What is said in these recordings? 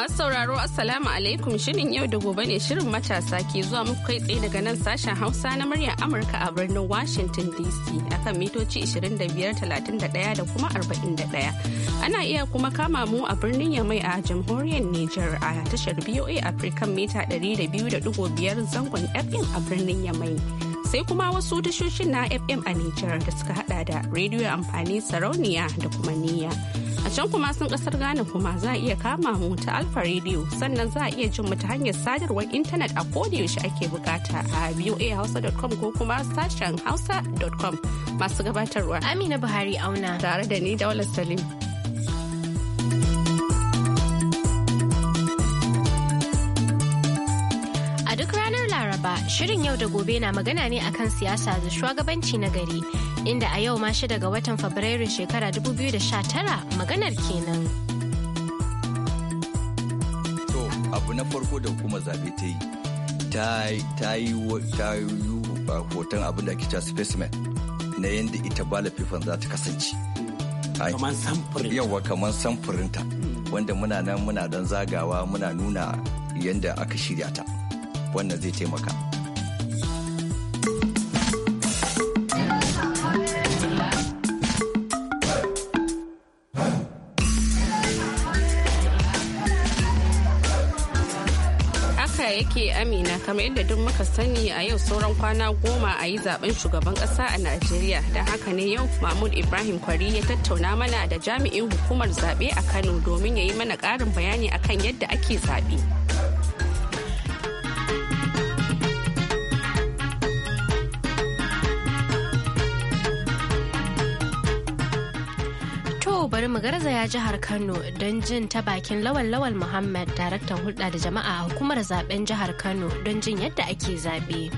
Masu sauraro Assalamu alaikum shirin yau da gobe ne shirin matasa ke zuwa muku kai tsaye daga nan sashen Hausa na muryar Amurka a birnin Washington DC akan mitoci 25,31 da kuma 41. Ana iya kuma kama mu a birnin Yamai a jamhuriyar Niger a tashar BOA afirka mita 200.5 zangon FM a birnin Yamai. sai kuma wasu tashoshin na FM a Nijar da suka hada da rediyo amfani sarauniya da kuma niyya. A can kuma sun kasar Ghana kuma za a iya kama mu ta Alfa Radio sannan za a iya jin mu ta hanyar sadarwar intanet a yaushe ake bukata a voahausa.com ko kuma sashen hausa.com masu gabatarwa. Amina Buhari auna. Tare da ni da Daular Salim. Shirin yau da gobe na magana ne akan siyasa da shugabanci na gari, inda a yau ma shi daga watan fabrairu shekara 2019 maganar kenan. To, abu na farko da kuma zaɓe ta yi, ta yi hoton abin da ake cewa specimen na yadda ita bala fifan za ta kasance. Kamar samfurinta. Yawa kamar samfurinta, wanda muna nan muna dan zagawa muna nuna yadda aka shirya ta. Wannan zai taimaka. yake amina kamar yadda duk muka sani a yau sauran kwana goma a yi zaben shugaban kasa a najeriya don haka ne yau mahmud ibrahim kwari ya tattauna mana da jami'in hukumar zaɓe a kano domin ya yi mana ƙarin bayani akan yadda ake zaɓe. bari mu garzaya jihar Kano don jin ta bakin Lawal Lawal Muhammad daraktan hulɗa da jama'a a hukumar zaben jihar Kano don jin yadda ake zaɓe.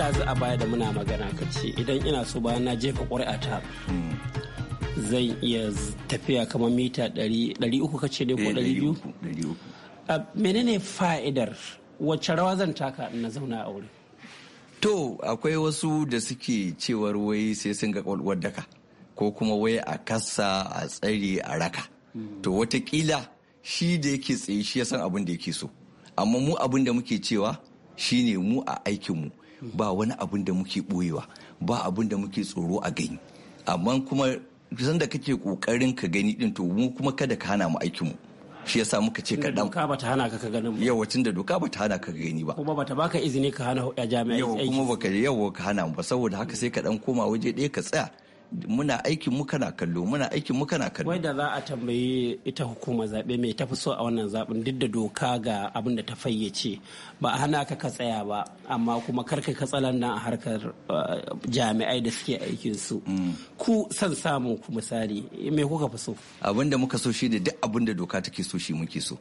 ɗazu a baya da muna magana ka idan ina so bayan na jefa ƙuri'ata hmm. zai iya tafiya kamar mita 300 kace ne ko 200 eh, menene fa'idar wacce rawa zan taka na zauna a wuri to akwai wasu da suke cewar wai sai sun ga kwalwar daka ko kuma wai a kasa a tsare a raka to watakila shi da yake tsaye shi ya san abin da yake so amma mu abin da muke cewa shi ne mu a aikin mu ba wani abin da muke ɓoyewa ba abin da muke tsoro a gani amma kuma zan da kake kokarin ka gani din to mu kuma kada ka hana mu aikin mu shi yasa muka ce ka dan doka bata hana ka ka ganin ba yawa tunda doka bata hana ka gani ba kuma bata baka izini ka hana hudda jami'a aiki yawa kuma baka yawa ka hana mu ba saboda haka sai ka dan koma waje ɗaya ka tsaya muna aikin mu kana kallo muna aikin mu kana kallo wai da za a tambayi ita hukumar zaɓe mai tafi so a wannan zaɓen duk da doka ga abin da ta fayyace ba a hana ka ka tsaya ba amma kuma karka ka nan a harkar uh, jami'ai da suke aikin su mm. ku san samun ku misali me kuka fi so abin da muka so shi ne duk abin da doka take so shi muke so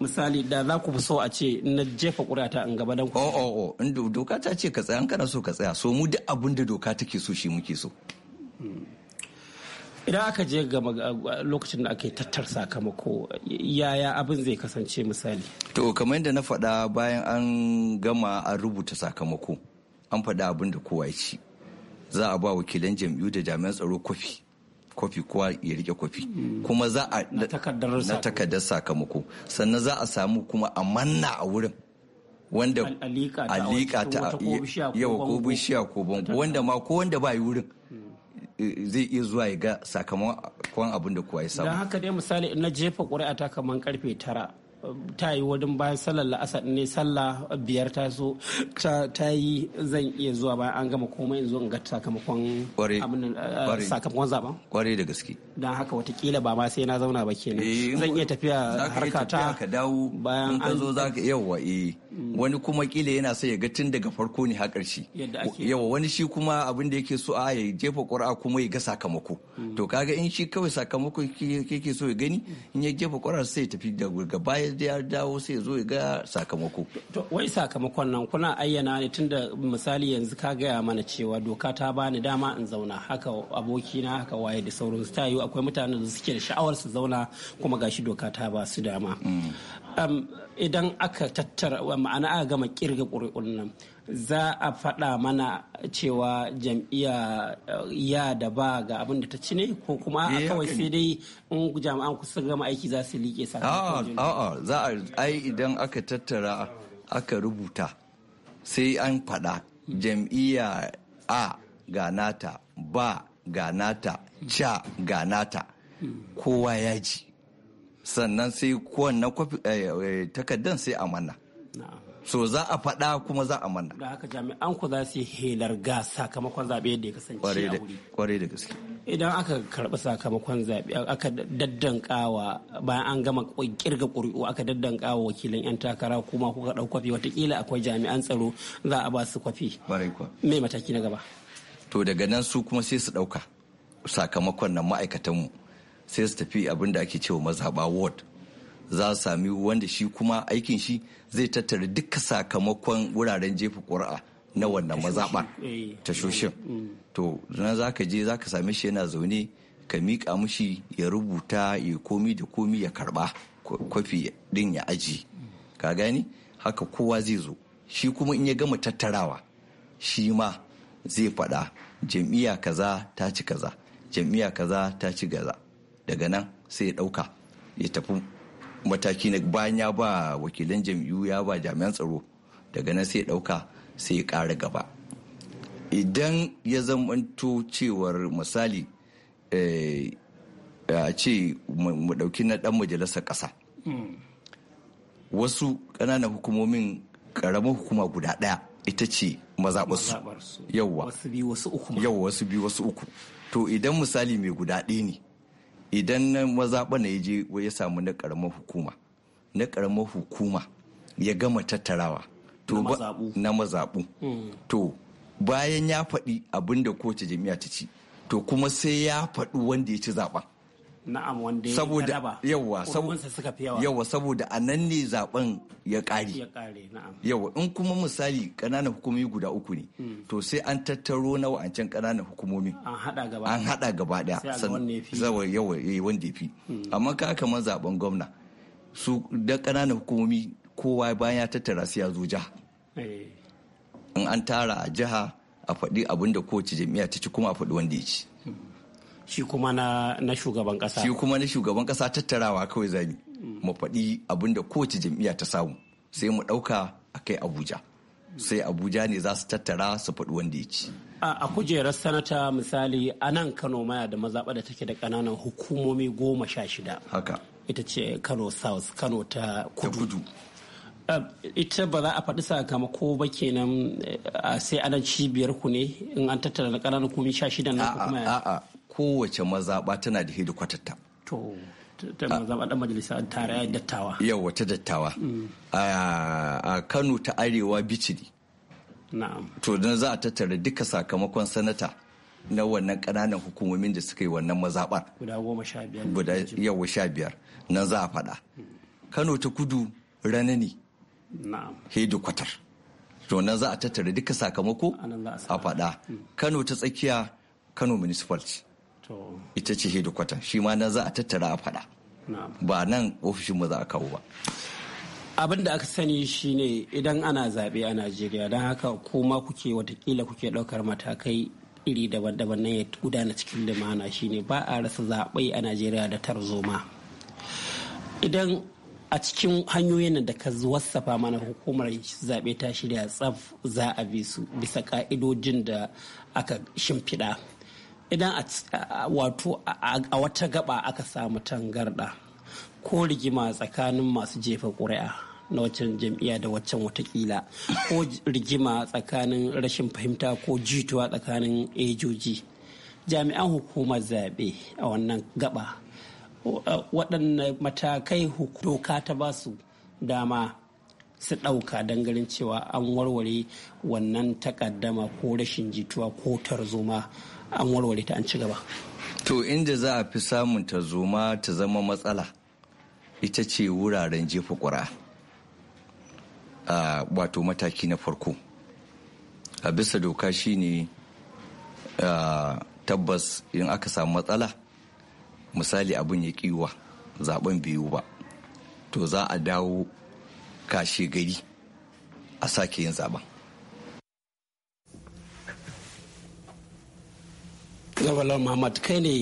misali da za ku so a ce na jefa ƙurata, in gaba don ku. Oh, oh, oh. in doka ta ce ka tsaya kana so ka tsaya so mu duk abin da doka take so shi muke so. Idan aka je ga lokacin da ake tattar sakamako yaya abin zai kasance misali. To kamar yadda na faɗa bayan an gama an rubuta sakamako an faɗa abin da kowa ya ci. Za a ba wakilan jam'iyyu da jami'an tsaro kwafi. kofi kowa ya rike kofi hmm. kuma za a na takardar sakamako sannan za a samu kuma a manna a wurin wanda alika ta yawa ko bishiya ko bango wanda ma ko wanda ba yi wurin hmm. eh, zai iya zuwa ya ga sakamakon abin da kowa ya samu. Don haka dai misali na jefa ƙuri'a ta kamar karfe tara ta yi wajen bayan sallar la'asar ne sallah biyar ta so ta yi zan iya zuwa bayan an gama komai zuwa in ga sakamakon eh, sakamakon zaben kwarai da gaske don haka watakila ba ma sai na zauna ba kenan eh, zan iya tafiya harka ta ka dawo bayan an zo za ka iya wa'e eh. wani kuma kila yana so ya ga tun daga farko ne har ƙarshe yawa wani shi kuma abin da yake so a ya jefa ƙura kuma ya ga sakamako mm. to kaga in shi kawai sakamako yake so ya gani in ya jefa ƙura sai ya tafi ga baya da ya dawo sai ya zo ya ga sakamako to wai sakamakon nan kuna ayyana ne tunda misali yanzu ka gaya mana cewa doka ta bani dama in zauna haka abokina haka waye da sauran ta akwai mutanen da suke da sha'awar su zauna kuma gashi doka ta ba su dama mm. um, idan aka tattara ma'ana aka gama kirga ƙuri'un nan za a faɗa mana cewa jam'iyya eh, ya da ba ga abin da ta ci ne ko kuma a eh, kawai sai dai in jami'an kusa gama aiki za su liƙe sa. a'a ah, ah, ah, za a ai idan aka tattara aka rubuta sai an faɗa jam'iya a ga nata ba ga nata ca ga nata kowa ya ji sannan sai kowanne eh, eh, takardan sai a manna so za a faɗa kuma za a manna da haka jami'an ku za su yi helar ga sakamakon zaɓe yadda ya kasance a wuri kwarai da gaske idan aka karɓi sakamakon zaɓe aka daddankawa bayan an gama kirga ƙuri'u aka daddankawa wakilan 'yan takara kuma kuka ɗau kwafi watakila akwai jami'an tsaro za a ba su kwafi me mataki na gaba to daga nan su kuma sai su ɗauka sakamakon nan ma'aikatanmu sai su tafi abin da ake cewa mazaɓa ward za su sami wanda shi kuma aikin shi zai tattara duka sakamakon wuraren jefa ƙuri'a na wannan ta tashoshin eh. mm. to na za ka je za ka sami shi yana zaune ka miƙa mushi ya rubuta ya komi da komi ya karɓa kwafi ɗin ya aji ka gani haka kowa zai zo shi kuma in ya gama tattarawa shi ma zai faɗa jam'iyya kaza ta ci kaza jam'iyya kaza ta ci kaza daga nan sai ya ɗauka ya tafi mataki na bayan ya ba wakilan jam'iyyu ya ba jami'an tsaro daga nan sai ya ɗauka sai ya ƙara gaba idan ya zamanto cewar misali eh, a ce mu ɗauki na ɗan majalisar ƙasa wasu ƙananan hukumomin ƙaramar hukuma guda ɗaya ita ce mazaɓarsu yawa wasu biyu wasu uku to idan misali mai guda ɗaya ne idan na mazaɓa na je ya samu na ƙaramar hukuma na ƙaramar hukuma ya gama tattarawa to na mazaɓu hmm. to bayan ya faɗi abinda kowace jami'a ta ci to kuma sai ya faɗi wanda ya ci zaɓen na'am wanda saboda yawa yawa saboda a nan ne zaben ya kare yawa in kuma misali kananan hukumomi guda uku ne hmm. to sai an tattaro na wa'ancan kananan hukumomi an hada gaba daya zawa yawa eh, wanda fi hmm. amma ka kamar zaben gwamna su da kananan hukumomi kowa bayan ya tattara su ya zo jiha eh. in an tara a jiha a faɗi abin da kowace jami'a ta ci kuma a faɗi wanda ya ci shi kuma na shugaban kasa shi kuma na shugaban kasa tattarawa kawai zani. Mm. mu faɗi abin da kowace jam'iyya ta samu sai mu ɗauka a kai abuja sai abuja ne za su tattara su faɗi wanda ya ci a kujerar sanata misali a nan kano maya da mazaɓa da take da ƙananan hukumomi goma sha shida haka ita ce kano south kano ta kudu, ita ba za a faɗi sakamako ba kenan eh, sai anan cibiyar ku ne in an tattara na ƙananan hukumomi sha shida na kuma kowace mazaɓa tana da hidikwatarta. To, ta mazaɓa ɗan majalisa tarayya dattawa. Yau wata dattawa. A Kano ta Arewa Bicini. Na'am. To, don za a tattara duka sakamakon sanata na wannan ƙananan hukumomin da suka yi wannan mazaɓar. Guda goma sha biyar. Guda yau sha biyar. Nan za a faɗa. Kano ta kudu rana ne. Na'am. Hidikwatar. To, nan za a tattara duka sakamako a faɗa. Kano ta tsakiya Kano Municipality. ita ce kwatan shi ma nan za a tattara a faɗa ba nan ofishinmu za a kawo ba abin da aka sani shine idan ana zaɓe a najeriya don haka kuma kuke watakila kuke ɗaukar matakai iri daban-daban na ya gudana cikin limana shine ba a rasa zaɓe a najeriya da tarzoma idan a cikin hanyoyin da ka wasafa mana hukumar zaɓe ta shirya tsaf za a bi su bisa ka'idojin da aka shimfiɗa idan a wata gaba aka samu tangarda, ko rigima tsakanin masu jefa ƙuri'a na waccan jam'iyya da waccan watakila ko rigima tsakanin rashin fahimta ko jituwa tsakanin ejoji jami'an hukumar zaɓe a wannan gaba waɗanne matakai doka ta ba su dama su ɗauka don ganin cewa an warware wannan takaddama ko rashin jituwa ko tarzoma an warware ta an ci gaba to inda za a fi samun ta zoma ta zama matsala ita ce wuraren jefa ƙuri'a a wato mataki na farko a bisa doka shi ne tabbas in aka samu matsala misali abin ya kiwa zaben biyu ba to za a dawo kashe gari a sake yin zaben Gabalar Muhammad kai ne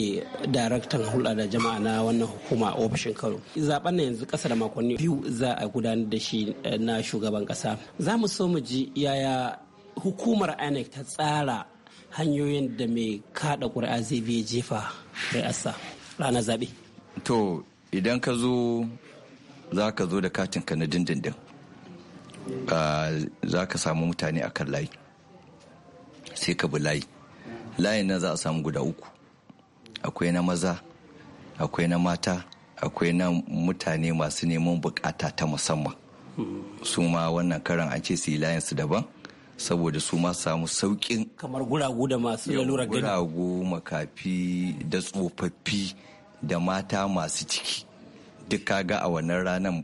daraktan hulɗa da jama'a na wannan hukuma a ofishin Kano. Zaben nan yanzu ƙasa da makonni biyu za a gudanar da shi eh, na shugaban ƙasa. Za mu so mu ji yaya hukumar INEC ta tsara hanyoyin da mai kaɗa ƙuri'a zai biya jefa ƙuri'arsa ranar zaɓe. To idan ka zo za ka zo da katin ka na dindindin. Ah, za ka samu mutane a kan layi sai ka bi layi layin nan za a samu guda uku akwai na maza akwai na mata akwai na mutane masu neman bukata ta musamman su ma wannan karan an ce su yi layin su daban saboda su ma samu saukin kamar guragu da masu lura gani guragu makafi da tsofaffi da mata masu ciki duk kaga a wannan ranar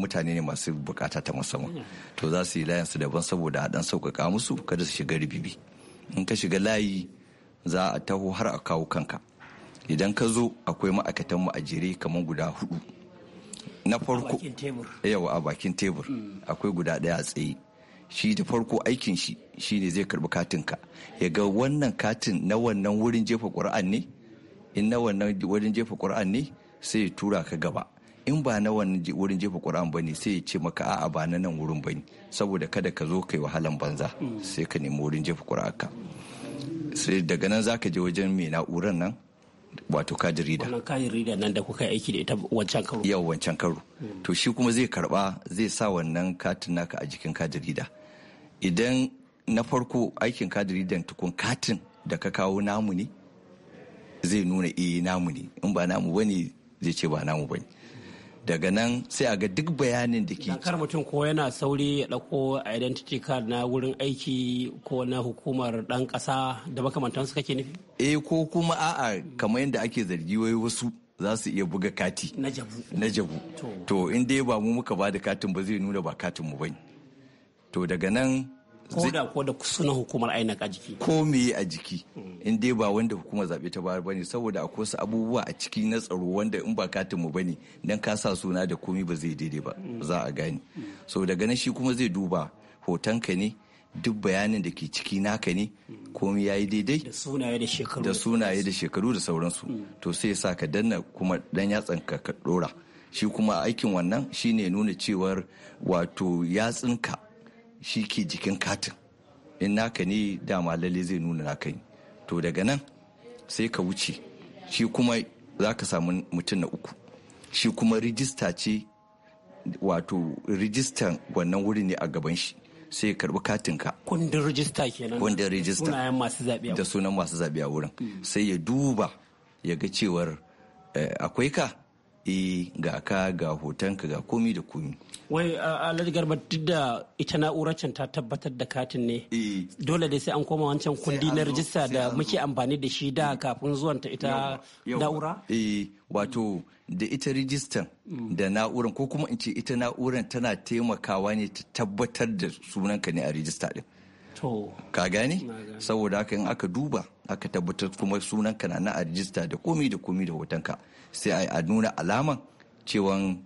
mutane ne masu bukata ta musamman to za su yi layin su daban saboda a dan sauƙaƙa musu kada su shiga ribibi in ka shiga layi za a taho har a kawo kanka idan ka zo akwai ma'aikatan mu a jere kamar guda hudu na farko yawa a bakin tebur mm. akwai guda daya a tsaye shi da farko aikin shi shi ne zai karbi katin ka ya ga wannan katin na wannan wurin jefa ƙura'an ne in na wannan wurin jefa ƙura'an ne sai ya tura ka gaba in ba na wannan wurin jefa ƙura'an ba ne sai ya ce maka a'a ba na nan wurin ba ne saboda kada ka zo kai wahalan banza mm. sai ka nemi wurin jefa ƙura'an ka sai daga nan za ka je wajen mai na'urar nan wato kajin rida wannan kajin rida nan da kuka aiki da ita wancan karo yau wancan karo hmm. to shi kuma zai karba zai sa wannan katin naka a jikin kajin rida idan na farko aikin kajin ridan tukun katin da ka kawo namu ne zai nuna eh namu ne in ba namu bane zai ce ba namu bane daga nan sai a ga duk bayanin da ke kar mutum ko yana sauri ya dauko identity card na wurin aiki ko na hukumar dan kasa da makamantansu kake nufi eh ko kuma a'a kamar yadda ake zargi wai wasu za su iya buga kati na jabu to in dai ba mu muka ba da katin ba zai nuna ba katin mu bane to daga nan ko da ko da sunan hukumar aina a jiki ko me a jiki in dai ba wanda hukumar zabe ta bayar bane saboda akwai wasu abubuwa a ciki na tsaro wanda in ba katin mu bane dan ka sa suna da komi ba zai daidai ba za a gane so daga nan shi kuma zai duba hotonka ne duk bayanin da ke ciki naka ne komai ya yi daidai da sunaye da shekaru da sauransu to sai sa ka danna kuma dan yatsan ka ka dora shi kuma aikin wannan shine nuna cewar wato yatsinka shi ke jikin katin in naka ne dama lalle zai nuna naka ne to daga nan sai ka wuce shi kuma za ka samu mutum na uku shi kuma rijista ce wato rijistan wannan wuri ne a gaban shi sai karbi katinka kundin rijista kenan kundin rijista da sunan masu zaɓe a wurin sai ya duba ya ga cewar eh, akwai ka eh ga ka ga hotonka ga komi da komi wai alhaji garba duk da ita na'urar can ta tabbatar da katin ne e. dole da sai an koma wancan kundi na rajista da muke amfani da shi da kafin zuwanta ita na'ura eh wato da ita rijistan mm. da na'urar ko kuma in ce ita na'urar tana taimakawa ne ta tabbatar da sunanka ne a rijista din ka gane saboda haka in aka duba aka tabbatar kuma sunanka na na a rijista da komi da komi da hotonka sai a nuna alaman cewan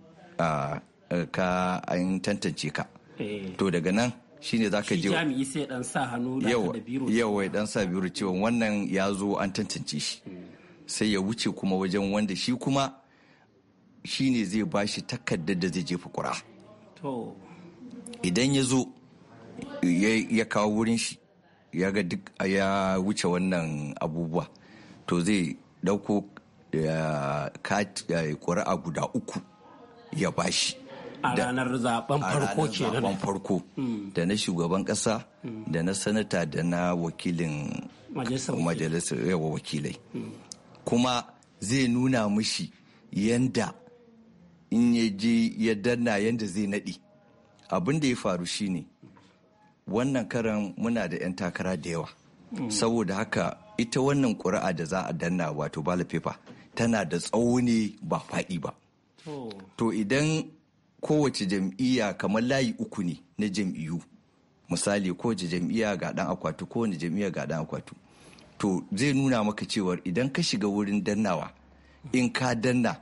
ka an tantance ka eh. to daga nan shine za ka je jami'i sai dan sa da dan sa biro cewa wannan ya zo an tantance shi hmm. sai ya wuce kuma wajen wanda shi kuma shine zai bashi shi takardar da zai jefa kura idan ya zo ya kawo wurin shi ya duk ya wuce wannan abubuwa to zai dauko Eh, ƙuri'a guda uku ya bashi a ranar zaben farko ke zaben farko hmm. da na shugaban kasa hmm. da na sanata da na wakilin majalisar yawa wakilai hmm. kuma zai nuna mishi yanda in ya je ya danna yanda zai naɗi abin da ya faru shine wannan karan muna da 'yan takara da yawa saboda haka ita wannan ƙuri'a da za a danna wato ballot paper tana da tsawo ne ba faɗi ba to idan kowace jam'iyya kamar layi uku ne na jam'iyyu misali kowace jam'iyya ga dan akwatu kowace jam'iyya ga dan akwatu to zai nuna maka cewar idan ka shiga wurin dannawa in ka danna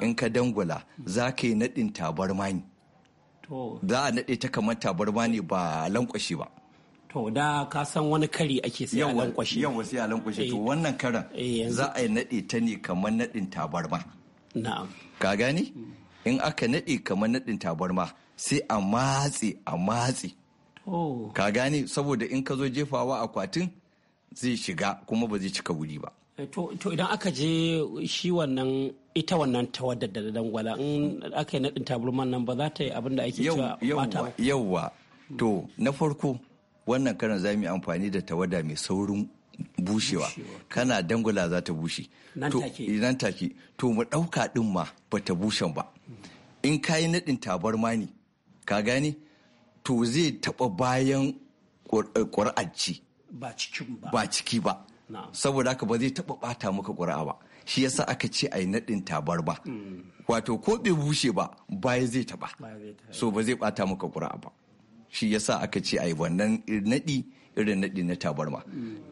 in ka dangwala za ka yi naɗin tabarmani za a naɗe ta kamar tabarmani ne ba lankwashe ba To da ka san wani kari ake sai a lankwashe. Yawa sai a lankwashe. To eh. wannan karan eh, za a yi naɗe ta ne kamar naɗin tabarma. Na'am. Ka gani? In aka naɗe kamar naɗin tabarma sai a matse a matse. Ka gani saboda in ka zo jefawa akwatin zai shiga kuma ba zai cika wuri ba. Eh, to idan aka je shi wannan ita wannan tawadda da dangwala in aka yi naɗin tabarman nan ba za ta yi abin da ake cewa mata. Yawwa. To na farko wannan karan za mu yi amfani da tawada mai saurin bushewa kana dangula za ta bushe eh, nan take to mu ɗauka ɗin ma ba ta bushen ba hmm. in ka yi naɗin tabarma ne ka gane to zai taɓa bayan ƙwar'arci eh, ba ciki ba saboda haka ba zai taɓa ɓata maka ƙwar'a ba shi yasa aka ce a yi naɗin tabar ba hmm. wato ko bai bushe ba baya zai taɓa so ba zai ɓata maka ƙwar'a ba shi sa aka ce ai wannan naɗi irin naɗi na tabarma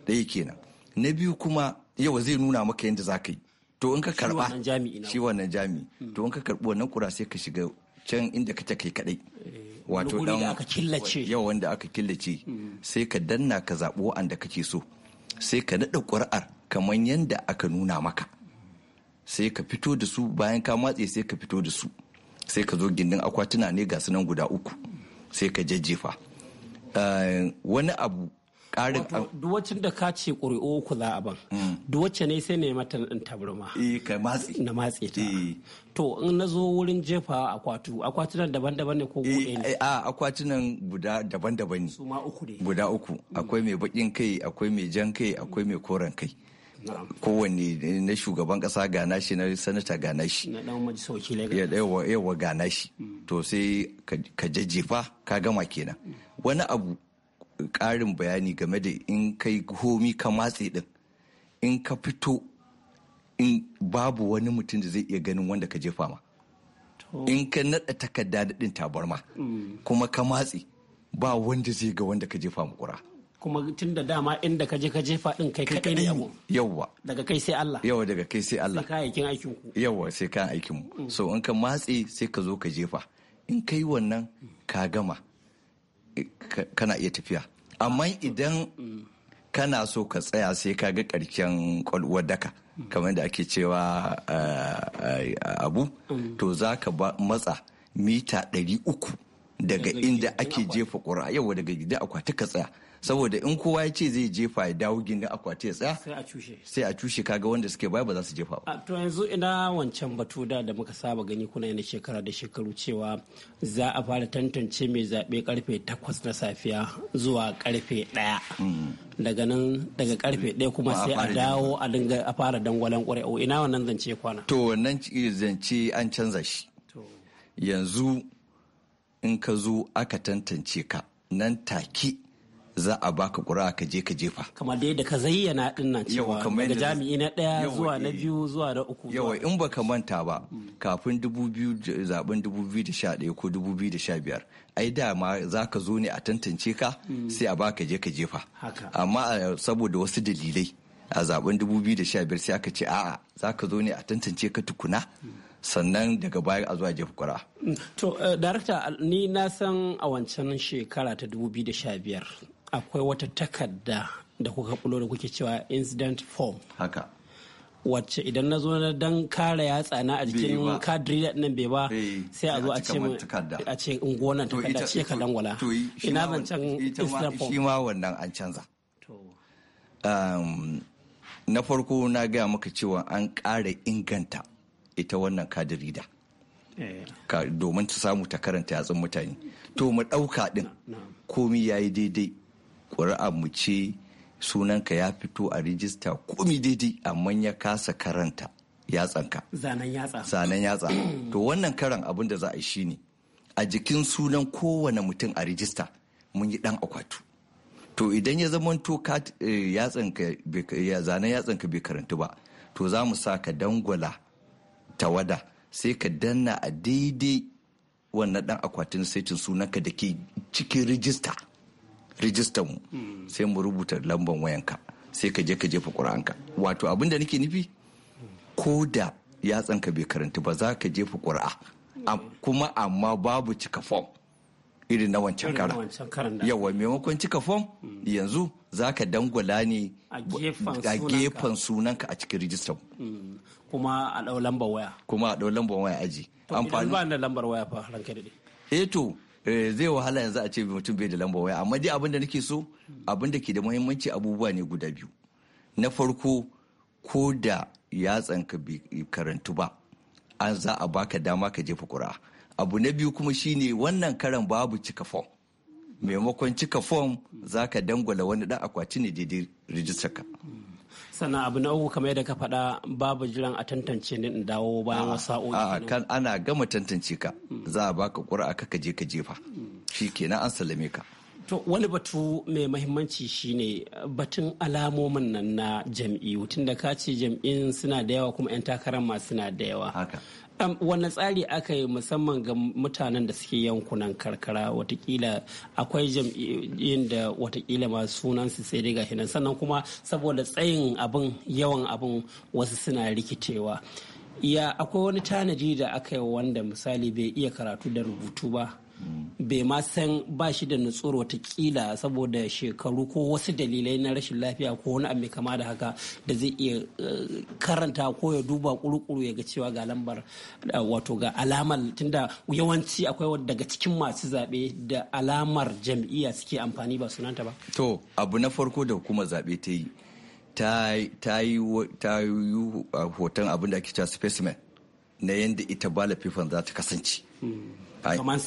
ɗaya kenan na biyu kuma yau zai nuna maka yadda za ka yi to in ka karɓa shi wannan jami to in ka karɓi wannan kura sai ka shiga can inda ka kai kadai eh, wato dan yau wanda aka killace sai ka danna ka zaɓi wa'anda kake so sai ka naɗa ƙuri'ar kamar yadda aka nuna maka sai ka fito da su bayan ka matse sai ka fito da su sai ka zo gindin akwatuna ne ga nan guda uku sai ka jajjefa eh, wani abu karin duwacin da ka ce ƙuri'o uku za a ban mm. duwace ne sai ne mata ɗin tabarma eh, na matse ta eh. to in na zo wurin jefa akwatu nan daban-daban ne ko buɗe ne a nan guda daban-daban ne guda uku akwai mai baƙin kai akwai mai jan kai akwai mai koren kai kowanne eh, na shugaban kasa gana shi na sanata ya nashi yawa gana shi mm. to sai ka jajjefa ka gama kenan mm. wani abu ƙarin bayani game da in kai homi ka matse din in ka fito in babu wani mutum da zai iya ganin wanda ka jefa ma in ka naɗa takarda ɗin tabarma mm. kuma ka matse ba wanda zai ga wanda ka jefa ma kura kuma tun da dama inda ka je ka jefa din kai kadai ne Yawo yawa daga kai sai Allah yawa daga kai sai Allah sai kayayyakin aikin ku yawa sai kayan aikin mu mm. so in ka matse sai ka zo ka jefa in kai wannan ka gama eh, kana iya tafiya amma idan kana so ka tsaya sai ka ga ƙarshen kwalwar daka mm. kamar da ake cewa eh, eh, abu mm. to za ka matsa mita ɗari uku daga inda ake jefa ƙura yawa daga gida akwati ka tsaya saboda in kowa ya ce zai jefa ya dawo gindin akwati ya tsaya sai a cushe kaga wanda suke baya ba za su jefa ba to yanzu ina wancan batu da da muka saba gani kuna yana shekara da shekaru cewa za a fara tantance mai zaɓe karfe takwas na safiya zuwa karfe ɗaya? Mm. daga nan daga karfe ɗaya kuma sai a dawo a dinga a fara dangwalen ƙwar'o ina wannan zance kwana to wannan zance an canza shi yanzu in ka zo aka tantance ka nan take za a baka ƙura ka je ka jefa kamar da yadda ka zayyana din nan cewa daga jami'i na ɗaya zuwa na eh. biyu zuwa na uku yawa in baka manta ba kafin zaben 2011 ko 2015 ai dama za ka zo ne a tantance ka sai a baka je ka jefa amma eh, saboda wasu dalilai a zaben 2015 sai aka ce a'a za ka zo ne a tantance ka tukuna sannan daga baya a zuwa jefa kura. Mm, to, eh, director ni na san a wancan shekara ta 2015 akwai wata takarda da kuka bulo da kuke cewa incident form haka wacce idan na zo na dan kare yatsa na a jikin kadiri nan bai ba sai a zo a ce a ce unguwannan takarda ce ka dangwala ina can incident form shi ma wannan an canza um, na farko na gaya maka cewa an ƙara inganta ita wannan eh. kadiri da domin ta samu ta karanta yatsun mutane to mu ɗauka ɗin komi ya yi daidai ƙuri'a mu ce sunanka ya fito a rijista komi daidai amma ya kasa karanta yatsanka zanen yatsa zanen to wannan karan abin da za a yi shine a jikin sunan kowane mutum a rijista mun yi dan akwatu to idan ya zama to eh, yatsanka zanen yatsanka bai karanta ba to za mu sa ka dangwala tawada sai ka danna a daidai wannan dan akwatin saitin sunanka da ke cikin rijista rijistar mu sai mu rubuta lambar wayanka sai ka je ka jefa ƙuri'anka wato abin da nake nufi ko da yatsanka bai karanta ba za ka jefa ƙura'a kuma amma babu cika fom irin na wancan kara yawa maimakon cika fom yanzu za ka dangwala ne a gefen sunanka a cikin rijistar mm. kuma a ɗau lambar waya kuma a ɗau lambar waya aji amfani ba lambar waya fa ranka da eh Eh, zai wahala yanzu a ce mutum bai da lamba waya amma dai abin da nake so abin da ke da muhimmanci abubuwa ne guda biyu na farko ko da ka bai karantu ba an za a baka dama ka jefa ƙuri'a abu na biyu kuma shine wannan karan babu cika fom maimakon cika fom za ka dangwala wani dan akwati ne daidai rijistar ka sannan abu na uku kamar yadda ka faɗa babu jiran a tantance ni in dawo bayan wasu sa'o'i a ana gama tantance ka mm. za a baka ƙura ka je ka jefa mm. shi kenan an sallame ka To wani batu mai mahimmanci shine batun alamomin nan na jam'iyyu tun da ka ce jam'in suna da yawa kuma 'yan takarar ma suna da yawa. wani tsari aka yi musamman ga mutanen da suke yankunan karkara watakila akwai jam'iyyun da watakila masu sunansu su sai dai hinan sannan kuma saboda tsayin abin yawan abin wasu suna rikicewa ya akwai wani tanadi da aka yi wanda misali bai iya karatu da rubutu ba bai ma san ba shi da nutsuro watakila saboda shekaru ko wasu dalilai na rashin lafiya ko wani abu mai kama da haka da zai iya eh, karanta ko ya duba kurukuru ya ga cewa ga lambar eh, wato ga alamar tunda yawanci akwai daga cikin masu zaɓe da alamar jam'iyya suke amfani ba sunanta ba. To abu na farko da kuma zaɓe ta yi ta yi eh, hoton abin da ake cewa specimen na yadda ita bala fifan za ta kasance. kamar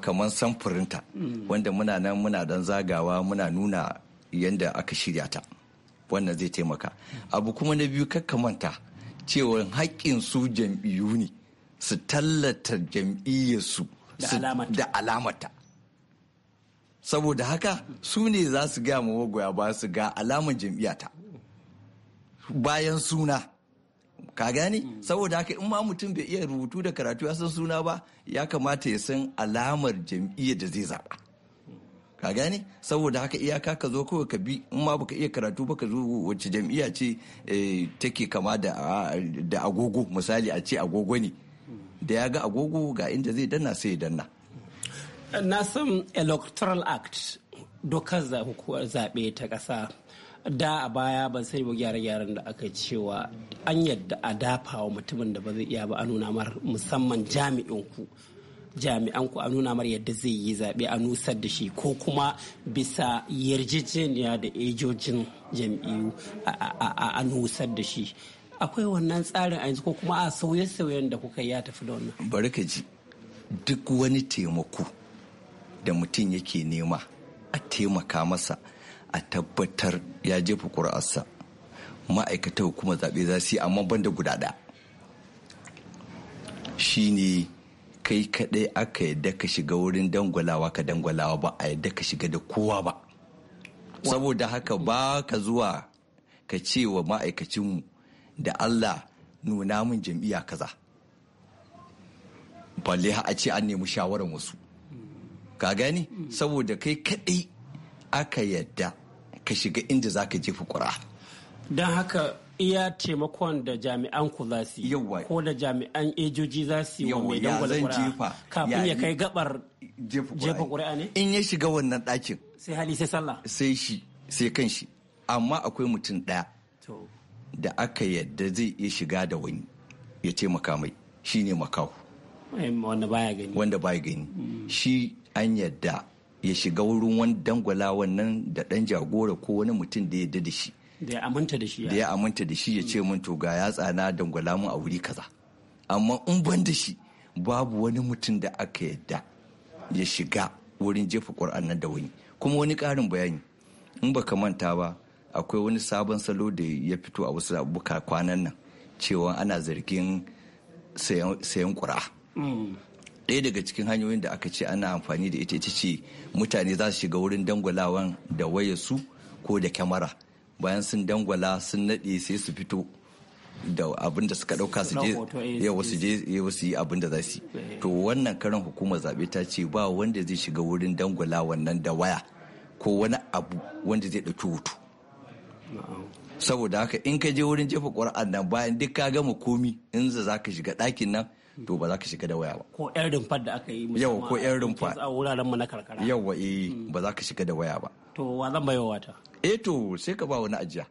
kamar samfurinta wanda muna nan muna dan zagawa muna nuna yadda aka shirya ta wannan zai taimaka abu kuma na biyu manta cewa haƙƙin su jam'iyyu ne su tallata jam'iyyarsu da alamata saboda haka su ne za su gaya magoya ba su ga alamar jam'iyyata bayan suna ka gane mm. saboda haka in ma mutum bai iya rubutu da karatu ya san suna ba ya kamata ya san alamar jam'iyyar da zai zaba ka gane saboda haka iyaka ka zo kawai ka bi in ma baka iya karatu ba ka zo wacce jam'iyya ce eh, take kama da agogo misali a ce agogo ne da ya ga agogo ga inda zai danna sai ya danna na san electoral act dokar zaɓe ta ƙasa da a baya ban sani ba gyare-gyaren da aka cewa an yadda a dafa wa mutumin da ba zai iya ba a nuna mar musamman jami'in ku a nuna mar yadda zai yi zaɓe a nusar da shi ko kuma bisa yarjejeniya da ejojin jam'iyyu a nusar da shi akwai wannan tsarin a yanzu ko kuma a sauye-sauyen da kuka ya tafi da wannan bari ji duk wani taimako da mutum yake nema a taimaka masa a tabbatar ya jefa ƙuri'arsa ma'aikata hukumar zaɓe za su yi amma da guda ɗaya ne kai kaɗai aka yadda ka shiga wurin dangwalawa ka dangwalawa ba a yadda ka shiga da kowa ba saboda haka ba ka zuwa ka ce wa ma'aikacinmu da allah nuna min jam'iyya kaza balle a ce an nemi shawarar wasu ka gani saboda kai kaɗai aka yadda ka shiga inda za ka jefa kura. don haka iya taimakon da jami'an za su yi ko da jami'an ejoji za su yi wa mai dangwala kura kafin ya kai gabar jefa kura. ne in ya shiga wannan ɗakin sai hali sai sallah sai shi sai kan shi amma akwai mutum ɗaya da aka yadda zai iya shiga da wani ya taimaka mai shine makahu wanda baya gani mm. shi an yadda ya shiga wurin wani dangwala wannan da ɗan jagora ko wani mutum da ya da shi da ya aminta da shi ya ce mun to ga ya tsana dangwala mun a wuri kaza amma in ban da shi babu wani mutum da aka yadda ya shiga wurin jefa ƙwar'an nan da wani kuma wani ƙarin bayani in ba ka manta ba akwai wani sabon salo da ya fito a wasu abubuwa kwanan nan cewa ana zargin sayan ƙura ɗaya daga cikin hanyoyin da aka ce ana amfani da ita ita ce mutane za su shiga wurin dangwalawan da wayarsu ko da kyamara bayan sun dangwala sun naɗe sai su fito da abin da suka ɗauka su je wasu je wasu yi abin da za su yi eh. to wannan karan hukumar zaɓe ta ce ba wanda zai shiga wurin dangwala wannan da waya ko wani abu wanda zai ɗauki hutu saboda haka in ka je wurin jefa ƙwar'an nan bayan duk ka gama komi in za ka shiga ɗakin nan to ba za ka shiga da waya ba. Ko ƴan rumfar da aka yi Yawa ko ƴan rumfa. A wuraren mu na karkara. Yawa eh ba za ka shiga da waya ba. To wa zan baiwa wata? Eh to sai ka ba wani ajiya.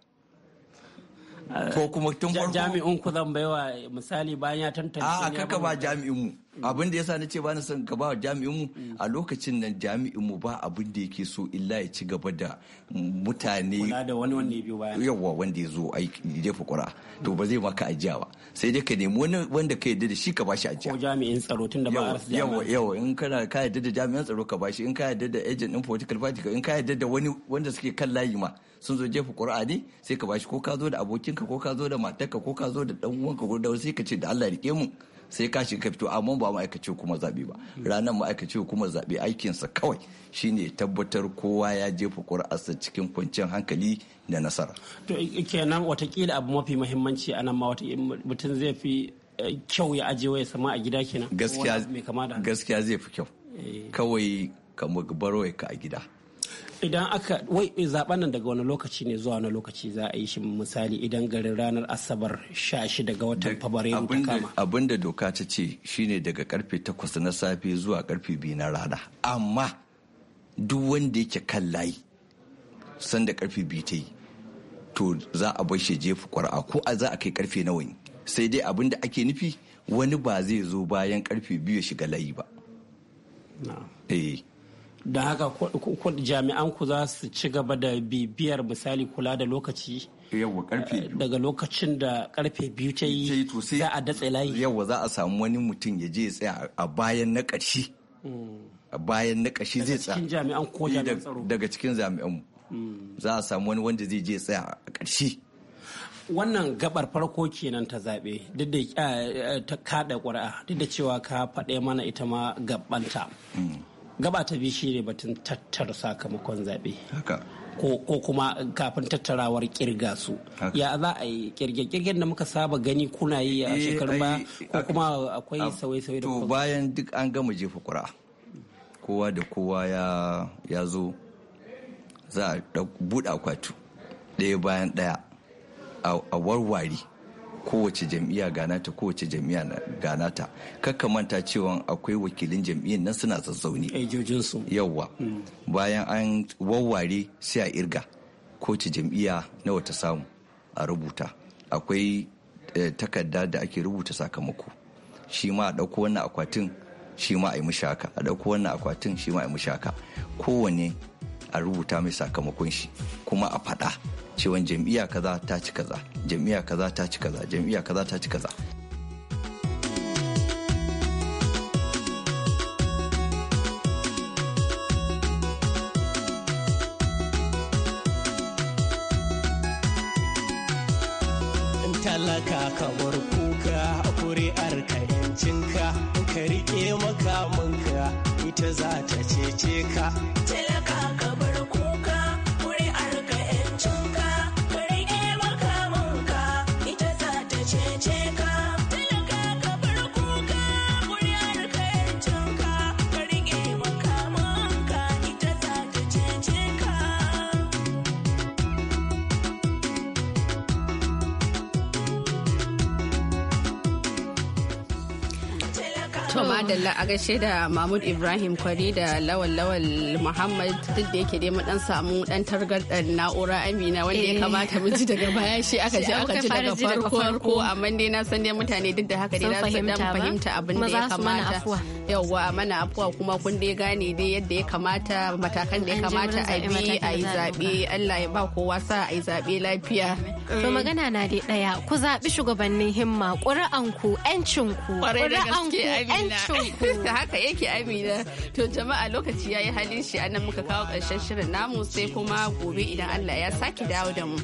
ko kuma tun farko jami'in ku zan baiwa misali bayan ya tantance a kaka ba jami'in mu mm. abin da yasa nace ba na son ka ba jami'in mu mm. a lokacin nan jami'in mu ba abin da yake so illa ya ci gaba da mutane kula da wani wanda ya biyo bayan yawa wanda ya zo aiki ya jefa kura to ba zai maka ajiya ba sai dai ka nemi wani wanda ka yadda da shi ka bashi ajiya ko jami'in tsaro tunda ba a yawa yawa in kana ka yadda da jami'in tsaro ka bashi in ka yadda da agent din political party in ka yadda da wani wanda suke kan layi ma sun zo jefa ƙura'a ne sai ka bashi ko ka zo da abokinka ko ka zo da matarka ko ka zo da ɗan uwanka ko da wasu sai ka ce da Allah rike mu sai ka shiga fito amma ba ma'aikaci kuma zaɓe ba ranar ma'aikaci kuma zaɓe aikinsa kawai shine tabbatar kowa ya jefa ƙuri'arsa cikin kwanciyar hankali da nasara. To eh, kenan watakila abu mafi muhimmanci a nan ma eh, mutum zai fi eh, kyau ya aje waya sama a gida kenan. Gaskiya zai fi kyau. Kawai ka baro ka a gida. idan aka wai eh, zaben nan daga wani lokaci ne zuwa wani lokaci za a yi shi misali idan garin ranar asabar 16 daga watan fabrairu ta kama abin da doka ta ce shine daga karfe 8 na safe zuwa karfe 2 na rana amma duk wanda yake kan layi sanda karfe 2 ta yi to za a bar shi jefa ƙwar'a ko a za a kai karfe nawa ne sai dai abin da ake nufi wani ba zai zo bayan karfe biyu ya shiga layi ba eh da haka jami'an ku za su ci gaba da bibiyar misali kula da lokaci karfe eh, daga lokacin da karfe biyu ta yi za a datse layi yawwa za a samu wani mutum ya je ya tsaya a bayan na ƙarshe a bayan na ƙarshe zai tsaya jami'an ko eh, jami'an tsaro daga cikin jami'an hmm. za a samu wani wanda zai je ya tsaya a ƙarshe wannan gabar farko kenan ta zaɓe duk da eh, ta kada ƙuri'a duk da cewa ka faɗe mana ita ma gabanta hmm. gaba ta biyu ne batun tattara sakamakon zaɓe ko kuma kafin tattarawar kirga su ya za a yi kirge kirgen da muka saba gani kuna yi a eh, shekarun ba ko kuma akwai sauye-sauye da to bayan duk an gama jefa kura kowa da kowa ya zo za a buɗe kwatu ɗaya bayan ɗaya a warware kowace jam'iyya ganata kowace jam'iyya ganata kakka manta cewa akwai wakilin jam'iyyar nan suna zazzauni yawwa mm. bayan an wawware sai a irga kowace jam'iyya nawa ta samu a rubuta akwai eh, takarda da ake rubuta sakamako shi ma a ɗauko wannan akwatin shi ma a yi mishi a ɗauko wannan akwatin shi ma a yi mishi kowane a rubuta mai sakamakon shi kuma a faɗa cewan jam'iyya kaza ta ci kaza jam'iyya kaza ta ci kaza jam'iyya kaza ta ci kaza To madalla a gaishe da Mahmud Ibrahim Kwari da Lawal Lawal Muhammad duk da yake dai mu dan samu dan targardar na'ura Amina wanda ya eh. kamata mu ji daga baya shi aka ji aka ji daga farko amma dai na san dai mutane duk da haka dai na dan fahimta abin da ya kamata. Yawwa mana afuwa kuma kun dai gane dai yadda ya kamata matakan da ya kamata a bi a yi zaɓe Allah ya ba kowa sa a yi zaɓe lafiya. To magana na dai ɗaya ku zaɓi shugabannin himma ƙuri'anku 'yancinku ƙuri'anku haka yake amina to jama'a lokaci yayi halin shi anan muka kawo karshen shirin namu sai kuma gobe idan Allah ya sake dawo da mu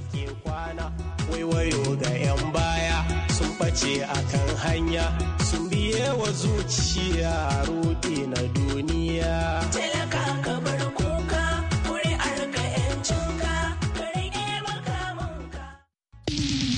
waiwayo ga yan baya sun bace akan hanya sun biye wa zuciya rudi na duniya talaka